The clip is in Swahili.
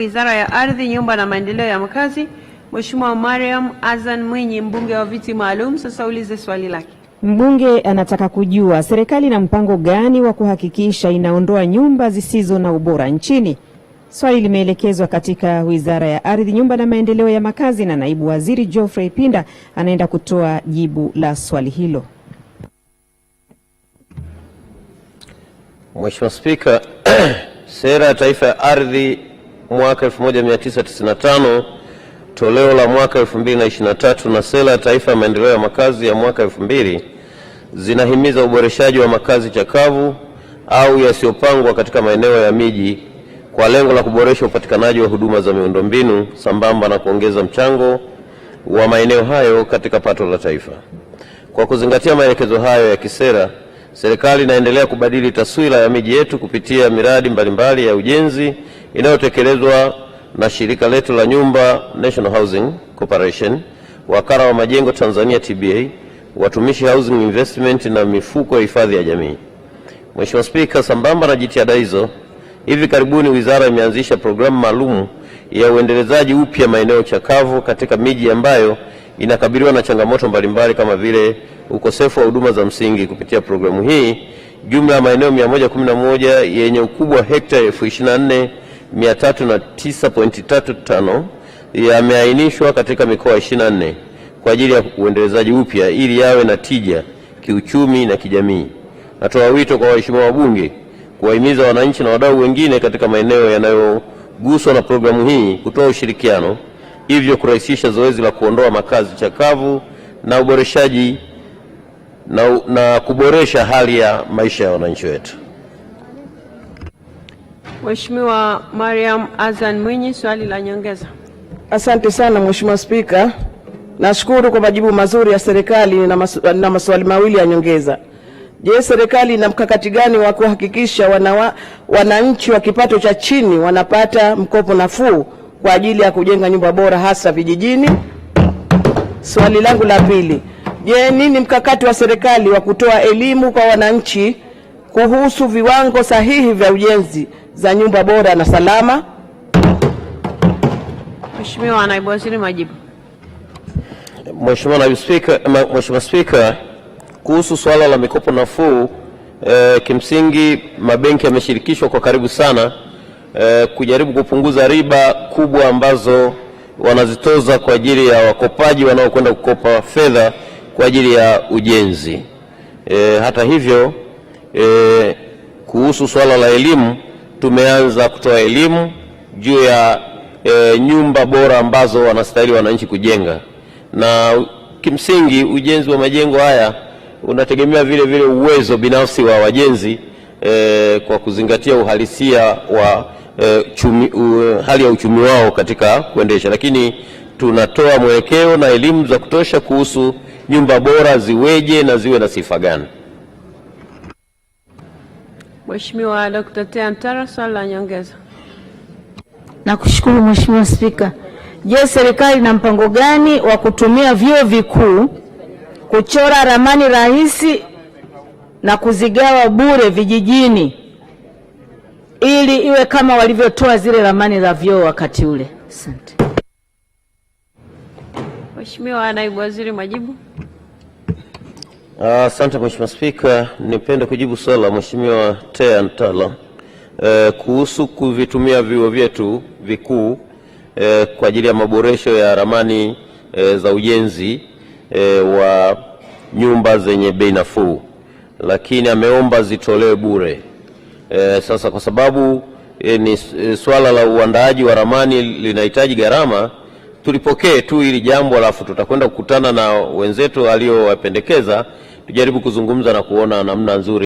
Wizara ya Ardhi, Nyumba na Maendeleo ya Makazi, Mheshimiwa Mariam Azan Mwinyi, mbunge wa viti maalum. Sasa ulize swali lake. Mbunge anataka kujua serikali ina mpango gani wa kuhakikisha inaondoa nyumba zisizo na ubora nchini. Swali limeelekezwa katika Wizara ya Ardhi, Nyumba na Maendeleo ya Makazi, na naibu waziri Geoffrey Pinda anaenda kutoa jibu la swali hilo. Mheshimiwa Spika, sera ya Taifa ya Ardhi mwaka 1995 toleo la mwaka 2023 na sera ya taifa ya maendeleo ya makazi ya mwaka 2000 zinahimiza uboreshaji wa makazi chakavu au yasiyopangwa katika maeneo ya miji kwa lengo la kuboresha upatikanaji wa huduma za miundombinu sambamba na kuongeza mchango wa maeneo hayo katika pato la taifa. Kwa kuzingatia maelekezo hayo ya kisera, serikali inaendelea kubadili taswira ya miji yetu kupitia miradi mbalimbali ya ujenzi inayotekelezwa na shirika letu la nyumba National Housing Corporation, wakala wa majengo Tanzania TBA, watumishi housing investment na mifuko ya hifadhi ya jamii. Mheshimiwa Spika, sambamba na jitihada hizo, hivi karibuni wizara imeanzisha programu maalum ya uendelezaji upya maeneo chakavu katika miji ambayo inakabiliwa na changamoto mbalimbali kama vile ukosefu wa huduma za msingi. Kupitia programu hii, jumla ya maeneo 111 yenye ukubwa wa hekta elfu 24 309.35 yameainishwa katika mikoa 24 kwa ajili ya uendelezaji upya ili yawe na tija kiuchumi na kijamii. Natoa wito kwa waheshimiwa wabunge kuwahimiza wananchi na wadau wengine katika maeneo yanayoguswa na programu hii kutoa ushirikiano, hivyo kurahisisha zoezi la kuondoa makazi chakavu na uboreshaji na, na kuboresha hali ya maisha ya wananchi wetu. Mheshimiwa Mariam Azan Mwinyi, swali la nyongeza. Asante sana Mheshimiwa Spika, nashukuru kwa majibu mazuri ya serikali na, masu, na maswali mawili ya nyongeza. Je, serikali ina mkakati gani wa kuhakikisha wananchi wa kipato cha chini wanapata mkopo nafuu kwa ajili ya kujenga nyumba bora hasa vijijini? Swali langu la pili, je, nini mkakati wa serikali wa kutoa elimu kwa wananchi kuhusu viwango sahihi vya ujenzi za nyumba bora na salama. Mheshimiwa Naibu Waziri, majibu. Mheshimiwa Naibu Spika, Mheshimiwa Spika, kuhusu swala la mikopo nafuu e, kimsingi mabenki yameshirikishwa kwa karibu sana e, kujaribu kupunguza riba kubwa ambazo wanazitoza kwa ajili ya wakopaji wanaokwenda kukopa fedha kwa ajili ya ujenzi. E, hata hivyo e, kuhusu swala la elimu tumeanza kutoa elimu juu ya e, nyumba bora ambazo wanastahili wananchi kujenga, na kimsingi ujenzi wa majengo haya unategemea vile vile uwezo binafsi wa wajenzi e, kwa kuzingatia uhalisia wa e, chumi, u, hali ya uchumi wao katika kuendesha, lakini tunatoa mwelekeo na elimu za kutosha kuhusu nyumba bora ziweje na ziwe na sifa gani. Mheshimiwa Dr. Teantara, swali la nyongeza. Nakushukuru Mheshimiwa Spika. Je, serikali ina mpango gani wa kutumia vyuo vikuu kuchora ramani rahisi na kuzigawa bure vijijini ili iwe kama walivyotoa zile ramani za vyoo wakati ule? Asante. Mheshimiwa Naibu Waziri, majibu. Asante uh, Mheshimiwa Spika, nipende kujibu swali la Mheshimiwa Tea Ntala eh, kuhusu kuvitumia vyuo vyetu vikuu eh, kwa ajili ya maboresho ya ramani eh, za ujenzi eh, wa nyumba zenye bei nafuu, lakini ameomba zitolewe bure. Eh, sasa kwa sababu eh, ni eh, swala la uandaaji wa ramani linahitaji gharama tulipokee tu hili jambo alafu tutakwenda kukutana na wenzetu aliowapendekeza tujaribu kuzungumza na kuona namna nzuri